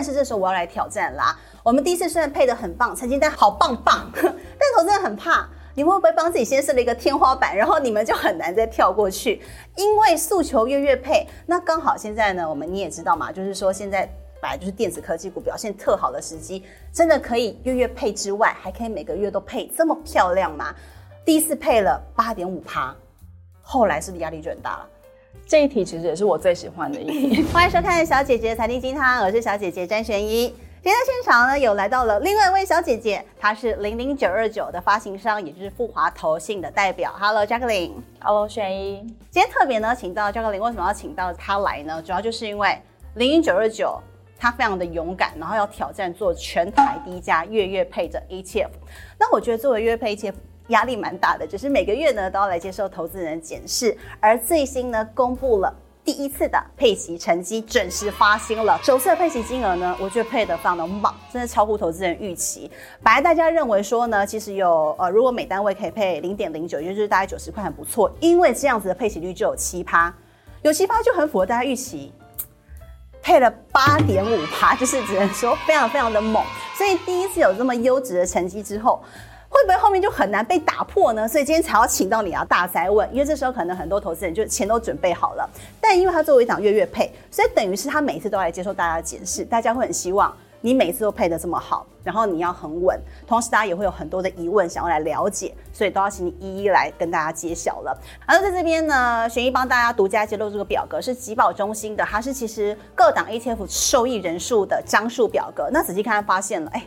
但是這時候我要來挑戰啦！我們第一次雖然配得很棒，成績單好棒棒，但我真的很怕。你們會不會幫自己先設了一個天花板，然後你們就很難再跳過去？因為訴求月月配，那剛好現在呢，我們你也知道嘛，就是說現在本來就是電子科技股表現特好的時機，真的可以月月配之外，還可以每個月都配這麼漂亮嗎？第一次配了八點五趴，後來是不是壓力就很大了？這一題其實也是我最喜歡的一題。歡迎收看《小姐姐財經基湯》，我是小姐姐詹璇依。現在現場呢，有來到了另外一位小姐姐，她是零零九二九的發行商，也就是復華投信的代表。Hello，Jacqueline。Hello，璇依。今天特別呢，請到 Jacqueline，為什麼要請到她來呢？主要就是因為零零九二九，她非常的勇敢，然後要挑戰做全台第一家月月配的 ETF。那我覺得作為月配 ETF。壓力蠻大的，就是每個月呢都要來接受投資人的檢視，而最新呢公布了第一次的配息成績，準時發薪了。首次的配息金額呢，我覺得配的非常的猛，真的超乎投資人預期。本來大家認為說呢，其實有呃，如果每單位可以配零點零九，也就是大概九十塊，很不錯，因為這樣子的配息率就有七趴，有七趴就很符合大家預期，呃，配了八點五趴，就是只能說非常非常的猛。所以第一次有這麼優質的成績之後，會不會後面就很難被打破呢？所以今天才要請到你啊，大哉問，因為這時候可能很多投資人就錢都準備好了，但因為他作為一檔月月配，所以等於是他每次都來接受大家的解釋，大家會很希望你每次都配得這麼好，然後你要很穩，同時大家也會有很多的疑問想要來了解，所以都要請你一一來跟大家揭曉了。而在這邊呢，璇依幫大家獨家揭露這個表格是集保中心的，它是其實各檔 ETF 受益人數的張數表格。那仔細看看，發現了，欸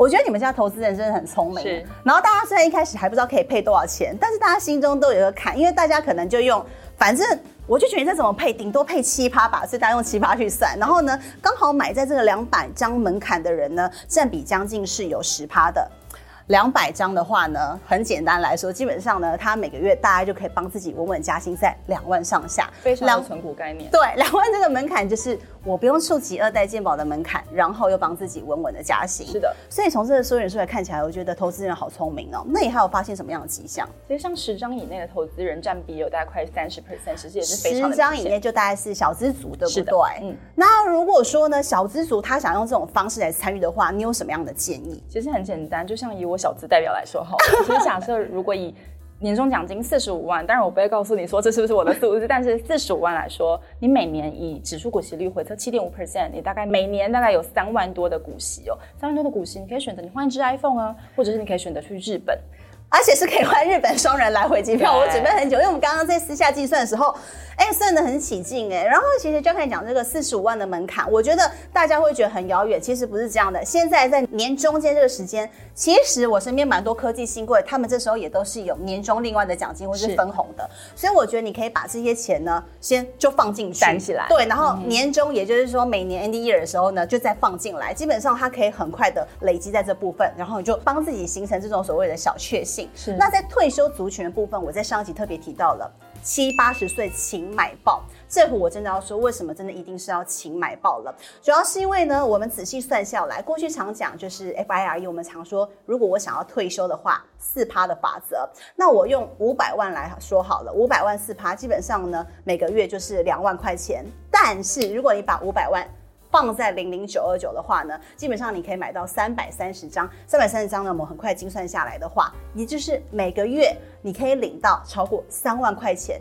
我覺得你們家投資人真的很聰明。是。然後大家雖然一開始還不知道可以配多少錢，但是大家心中都有個坎，因為大家可能就用，反正我就覺得你這怎麼配，頂多配七趴吧，所以大家用七趴去算。然後呢，剛好買在這個兩百張門檻的人呢，占比將近是有十趴的。兩百張的話呢，很簡單來說，基本上呢，他每個月大家就可以幫自己穩穩加薪在兩萬上下。非常存股概念。對，兩萬這個門檻就是。我不用觸及二代健保的門檻，然後又幫自己穩穩的加薪。是的，所以從這個數據出來看起來，我覺得投資人好聰明哦。那你還有發現什麼樣的跡象？其實像十張以內的投資人占比有大概快三十 percent，這也是非常，十張以內就大概是小資族對不對？的嗯，那如果說呢，小資族他想用這種方式來參與的話，你有什麼樣的建議？其實很簡單，就像以我小資代表來說哈， 其實假設如果以年終獎金四十五萬，當然我不會告訴你說這是不是我的數字，但是四十五萬來說，你每年以指數股息率回測七點五 percent，你大概每年大概有三萬多的股息哦，三萬多的股息，你可以選擇你換一支 iPhone 啊，或者是你可以選擇去日本。而且是可以換日本雙人來回機票。對我準備很久，因為我們剛剛在私下計算的時候，哎、欸，算得很起勁哎、欸。然後其實就看你講這個四十五萬的門檻，我覺得大家會覺得很遙遠。其實不是這樣的，現在在年中間這個時間，其實我身邊蠻多科技新貴，他們這時候也都是有年終另外的獎金或者是分紅的。是所以我覺得你可以把這些錢呢，先就放進去攢起來。對，然後年終，也就是說每年 end year 的時候呢，就再放進來。嗯嗯基本上它可以很快的累積在這部分，然後你就幫自己形成這種所謂的小確幸。是。那在退休族群的部分，我在上集特別提到了七八十歲請買爆，這回我真的要說為什麼真的一定是要請買爆了，主要是因為呢，我們仔細算下來，過去常講就是 FIRE，我們常說，如果我想要退休的話，四趴的法則，那我用五百萬來說好了，五百萬四趴，基本上呢，每個月就是兩萬塊錢，但是如果你把五百萬放在零零九二九的話呢，基本上你可以買到三百三十張，三百三十張呢，我們很快精算下來的話，也就是每個月你可以領到超過三萬塊錢，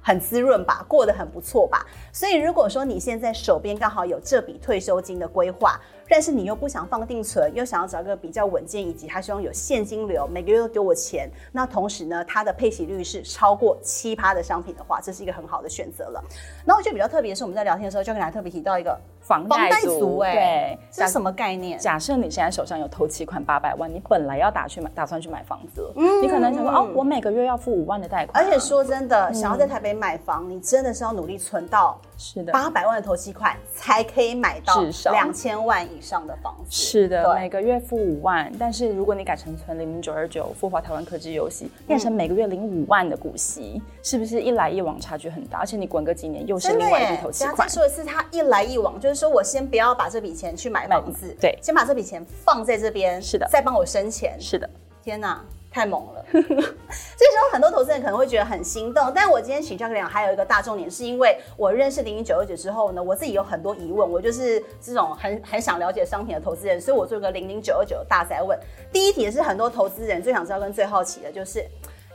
很滋潤吧，過得很不錯吧。所以如果說你現在手邊剛好有這筆退休金的規劃。但是你又不想放定存，又想要找一個比較穩健，以及他希望有現金流，每個月都給我錢。那同時呢，它的配息率是超過七趴的商品的話，這是一個很好的選擇了。那我覺得比較特別的是，我們在聊天的時候就跟他特別提到一個房貸族，對，這是什麼概念？假設你現在手上有頭期款八百萬，你本來要打去買，打算去買房子，嗯，你可能想說，嗯、哦，我每個月要付五萬的貸款。啊，而且說真的，想要在台北買房，嗯、你真的是要努力存到。是的，八百萬的頭期款才可以買到至少兩千萬以上的房子。是的，對每個月付五萬，但是如果你改成存零九二九，復華台灣科技優息變、嗯、成每個月領五萬的股息，是不是一來一往差距很大？而且你滾個幾年又是另外一筆頭期款，欸。再說一次他一來一往，就是說我先不要把這筆錢去買房子，對，先把這筆錢放在這邊，是的，再幫我生錢，是的。天哪！太猛了， 這時候很多投資人可能會覺得很心動。但我今天請教給你們還有一個大重點，是因為我認識零零九二九之後呢，我自己有很多疑問，我就是這種很很想了解商品的投資人，所以我做一個零零九二九大哉問。第一題也是很多投資人最想知道跟最好奇的，就是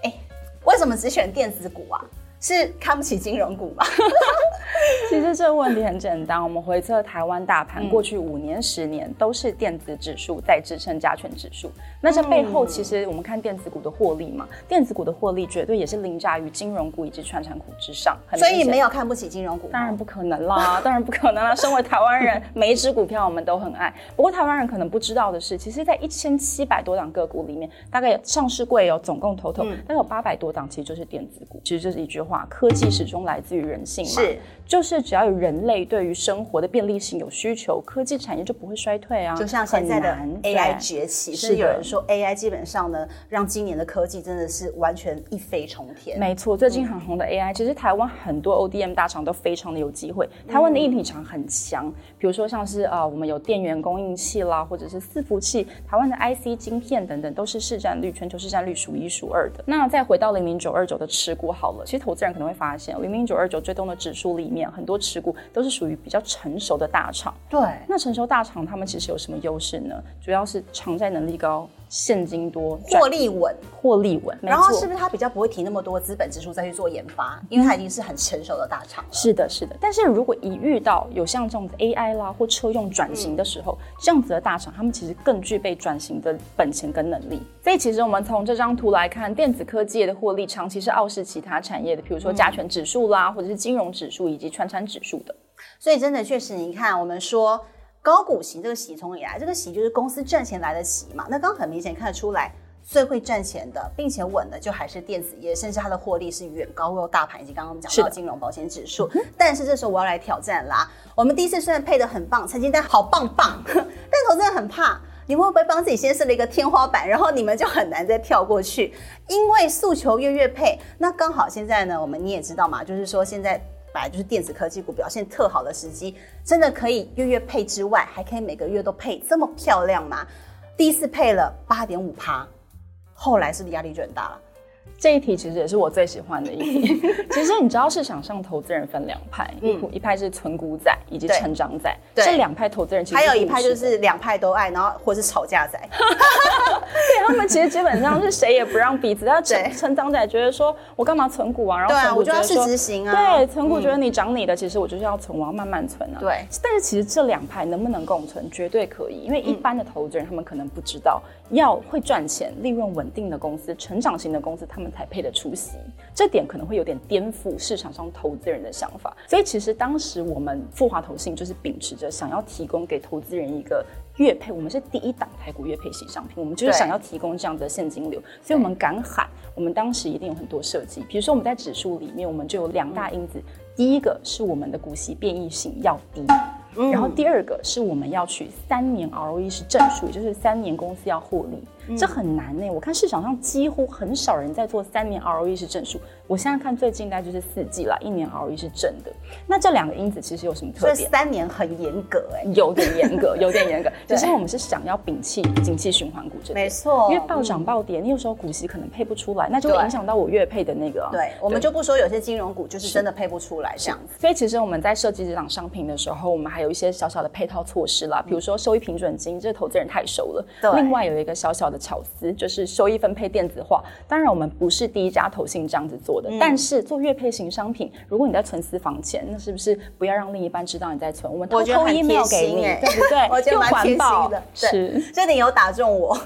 哎、欸，為什麼只選電子股啊？是看不起金融股嗎？ 其實這問題很簡單，我們回測台灣大盤過去五年、十年都是電子指數在支撐加權指數。那這、嗯、背後其實我們看電子股的獲利嘛，電子股的獲利絕對也是凌駕於金融股以及傳產股之上，很所以沒有看不起金融股。當然不可能啦，當然不可能啦。身為台灣人， 每一隻股票我們都很愛。不過台灣人可能不知道的是，其實，在一千七百多檔個股裡面，大概有上市櫃有總共 total，但、嗯、有八百多檔其實就是電子股。其實這是一句話。科技始終來自於人性嘛，是，就是只要有人類對於生活的便利性有需求，科技產業就不會衰退啊。就像現在的 AI 崛起，是的，是有人說 AI 基本上呢，讓今年的科技真的是完全一飛沖天。沒錯，最近很紅的 AI，、嗯、其實台灣很多 ODM 大廠都非常的有機會。台灣的硬體廠很強，比如說像是啊、呃、我們有電源供應器啦，或者是伺服器，台灣的 IC 晶片等等都是市佔率全球市佔率數一數二的。那再回到零零九二九的持股好了，其實投。自然可能會發現，零零九二九追蹤的指數裡面，很多持股都是屬於比較成熟的大廠。對，那成熟大廠他們其實有什麼優勢呢？主要是償債能力高。現金多，獲利穩，獲利穩。然後是不是他比較不會提那麼多資本支出再去做研發？因為他已經是很成熟的大廠。嗯、是的，是的。但是如果一遇到有像這種 AI 啦，或車用轉型的時候，嗯、這樣子的大廠他們其實更具備轉型的本錢跟能力。所以其實我們從這張圖來看，電子科技的獲利長期是傲視其他產業的，比如說加權指數啦，嗯、或者是金融指數以及傳產指數的。所以真的確實，你看我們說。高股息這個息從以來，這個息就是公司賺錢來的息嘛。那剛很明顯看得出來，最會賺錢的，並且穩的，就還是電子業，甚至它的獲利是遠高於大盤，以及剛剛我們講到金融保險指數。是的但是這時候我要來挑戰啦。我們第一次雖然配得很棒，成績單好棒棒，但投資人很怕，你們會不會幫自己先設了一個天花板，然後你們就很難再跳過去？因為訴求月月配，那剛好現在呢，我們你也知道嘛，就是說現在。本來就是電子科技股表現特好的時機，真的可以月月配之外，還可以每個月都配這麼漂亮嗎？第一次配了八點五趴，後來是不是壓力就很大了？這一題其實也是我最喜歡的一題。 其實你知道市場上投資人分兩派，嗯、一派是存股仔以及成長仔，對這兩派投資人。其實，還有一派就是兩派都愛，然後或是吵架仔。 對，他們其實基本上是誰也不讓彼此。要成，對成長仔覺得說我幹嘛存股啊？然後對、啊、我就要去執行啊。對，存股覺得你漲你的，其實我就是要存，我要慢慢存啊。對。但是其實這兩派能不能共存，絕對可以，因為一般的投資人他們可能不知道，要會賺錢、利潤穩定的公司、成長型的公司，他們。才配得出席，這點可能會有點顛覆市場上投資人的想法。所以其實當時我們復華投信就是秉持着想要提供給投資人一個月配，我們是第一檔台股月配型商品，我們就是想要提供這樣的現金流。對所以我們敢喊，我們當時一定有很多設計。比如說我們在指數裡面，我們就有兩大因子：嗯、第一個是我們的股息變異性要低，嗯、然後第二個是我們要取三年 ROE 是正數，也就是三年公司要獲利。這很難呢、欸，我看市場上幾乎很少人在做三年 ROE 是正數。我現在看最近應該就是四季了，一年 ROE 是正的。那這兩個因子其實有什麼特點？這三年很嚴格哎、欸，有點嚴格，有點嚴格。只 是我們是想要摒棄景氣循環股這，沒錯。因為暴漲暴跌，嗯、你有時候股息可能配不出來，那就會影響到我月配的那個、啊。對，對我們就不說有些金融股就是真的配不出來是這樣子。所以其實我們在設計這檔商品的時候，我們還有一些小小的配套措施啦，比如說收益平準金，嗯、這投資人太熟了。對，另外有一個小小的。巧思就是收益分配電子化。當然，我們不是第一家投信這樣子做的，但是做月配型商品，如果你在存私房錢，那是不是不要讓另一半知道你在存？我們偷偷 email 給你，對不對？我覺得蠻貼心的，是，這點有打中我，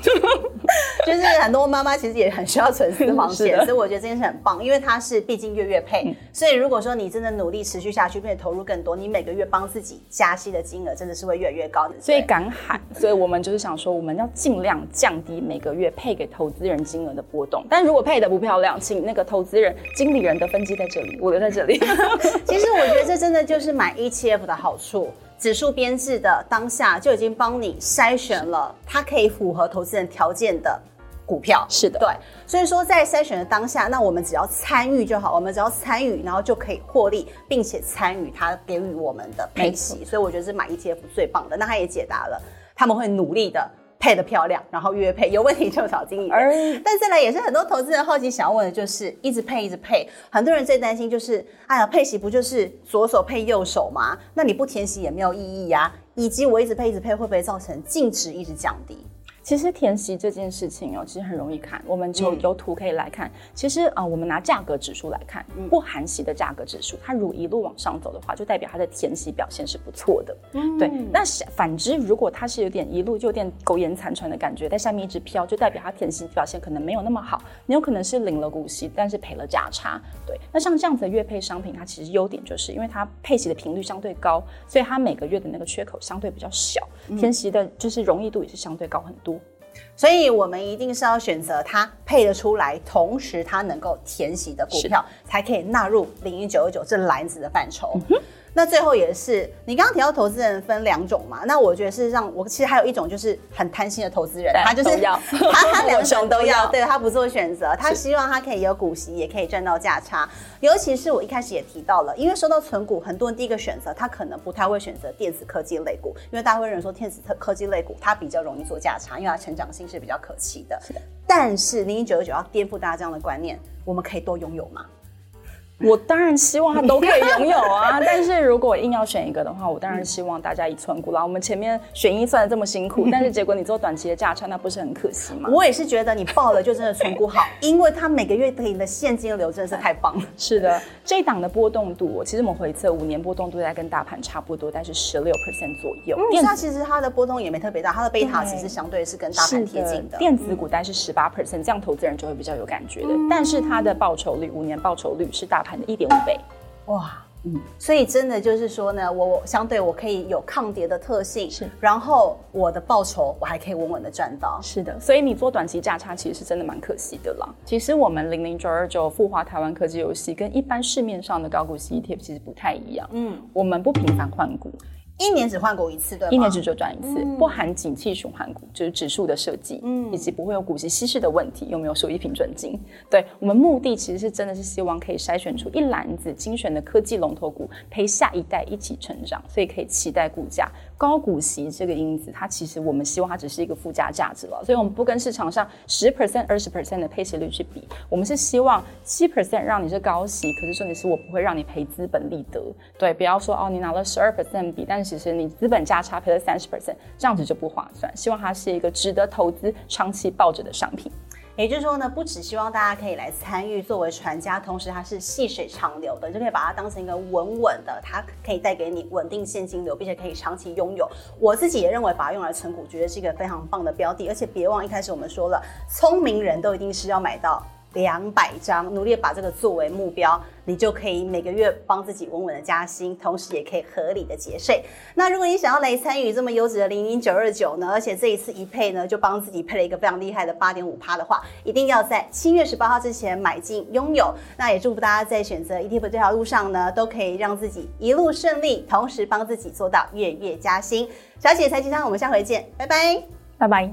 就是很多媽媽其實也很需要存私房錢，所以我覺得這件事很棒，因為它是畢竟月月配，所以如果說你真的努力持續下去，並且投入更多，你每個月幫自己加息的金額真的是會越來越高，所以趕海，所以我們就是想說，我們要盡量降低。每個月配給投資人金額的波動，但如果配得不漂亮，請那個投資人經理人的分析。在這裡，我留在這裡。 其實我覺得這真的就是買 ETF 的好處，指數編制的當下就已經幫你篩選了，它可以符合投資人條件的股票。是的，對，所以說在篩選的當下，那我們只要參與就好，我們只要參與，然後就可以獲利，並且參與它給予我們的配息。 所以我覺得是買 ETF 最棒的。那他也解答了，他們會努力的。配得漂亮，然後月配有問題就找經理。但是呢，也是很多投資人好奇想要問的，就是一直配一直配，很多人最擔心就是，哎呀，配息不就是左手配右手嗎？那你不填息也沒有意義啊。以及我一直配一直配，會不會造成淨值一直降低？其實填息這件事情哦，其實很容易看。我們就由圖可以來看。嗯、其實啊、呃，我們拿價格指數來看，嗯、不含息的價格指數，它如一路往上走的話，就代表它的填息表現是不錯的。嗯、對。那反之，如果它是有點一路就有點苟延殘喘的感覺，在下面一直飄，就代表它填息表現可能沒有那麼好。你有可能是領了股息，但是賠了價差。對。那像這樣子的月配商品，它其實優點就是因為它配息的頻率相對高，所以它每個月的那個缺口相對比較小，嗯、填息的就是容易度也是相對高很多。所以，我們一定是要選擇它配得出來，同時它能夠填息的股票，的才可以納入零零九二九這籃子的範疇。嗯那最後也是，你剛剛提到投資人分兩種嘛，那我覺得事實上我其實還有一種就是很貪心的投資人，對他就是他他兩種都要，對，他不做選擇，他希望他可以有股息，是也可以賺到價差。尤其是我一開始也提到了，因為說到存股，很多人第一個選擇他可能不太會選擇電子科技類股，因為大家會認為說電子科科技類股它比較容易做價差，因為它成長性是比較可期的。是的，但是零零九二九要顛覆大家這樣的觀念，我們可以多擁有嘛。我當然希望他都可以擁有啊，但是如果我硬要選一個的話，我當然希望大家以存股啦。我們前面選一算的這麼辛苦，但是結果你做短期的價差，那不是很可惜嗎？我也是覺得你抱了就真的存股好，因為它每個月給你的現金流真的是太棒了。是的，這一檔的波動度，其實我們回測五年波動度在跟大盤差不多，但是十六 percent 左右。因為它其實它的波動也沒特別大，它的貝塔其實相對是跟大盤貼近的。電子股但是十八 percent，這樣投資人就會比較有感覺的。但是它的報酬率，五年報酬率是大。一點五倍，哇，嗯，所以真的就是說呢，我我相對我可以有抗跌的特性，是，然後我的報酬我還可以穩穩的賺到，是的，所以你做短期價差其實是真的蠻可惜的啦。其實我們零零九二九復華台灣科技優息跟一般市面上的高股息 ETF 其實不太一樣，嗯，我們不頻繁換股。一年只換過一次，對嗎？一年只周轉一次，嗯、不含景氣循環股，就是指數的設計，嗯、以及不會有股息稀釋的問題，有沒有收益平準金。對，我們目的其實是真的是希望可以篩選出一籃子精選的科技龍頭股，陪下一代一起成長，所以可以期待股價。高股息這個因子，它其實我們希望它只是一個附加價值了，所以，我們不跟市場上十 percent、二十 percent 的配息率去比。我們是希望七 percent 讓你是高息，可是重點是我不會讓你賠資本利得。對，不要說哦，你拿了十二 percent 利，但其實你資本價差賠了三十 percent，這樣子就不划算。希望它是一個值得投資、長期抱着的商品。也就是說呢，不只希望大家可以來參與作為傳家，同時它是細水長流的，你就可以把它當成一個穩穩的，它可以帶給你穩定現金流，並且可以長期擁有。我自己也認為把它用來存股，絕對是一個非常棒的標的。而且別忘一開始我們說了，聰明人都一定是要買到。兩百張，努力把這個作為目標，你就可以每個月幫自己穩穩的加薪，同時也可以合理的節稅。那如果你想要來參與這麼優質的零零九二九呢，而且這一次一配呢，就幫自己配了一個非常厲害的八點五趴的話，一定要在七月十八號之前買進擁有。那也祝福大家在選擇 ETF 這條路上呢，都可以讓自己一路順利，同時幫自己做到月月加薪。小姐姐的財經基湯，我們下回見，拜拜，拜拜。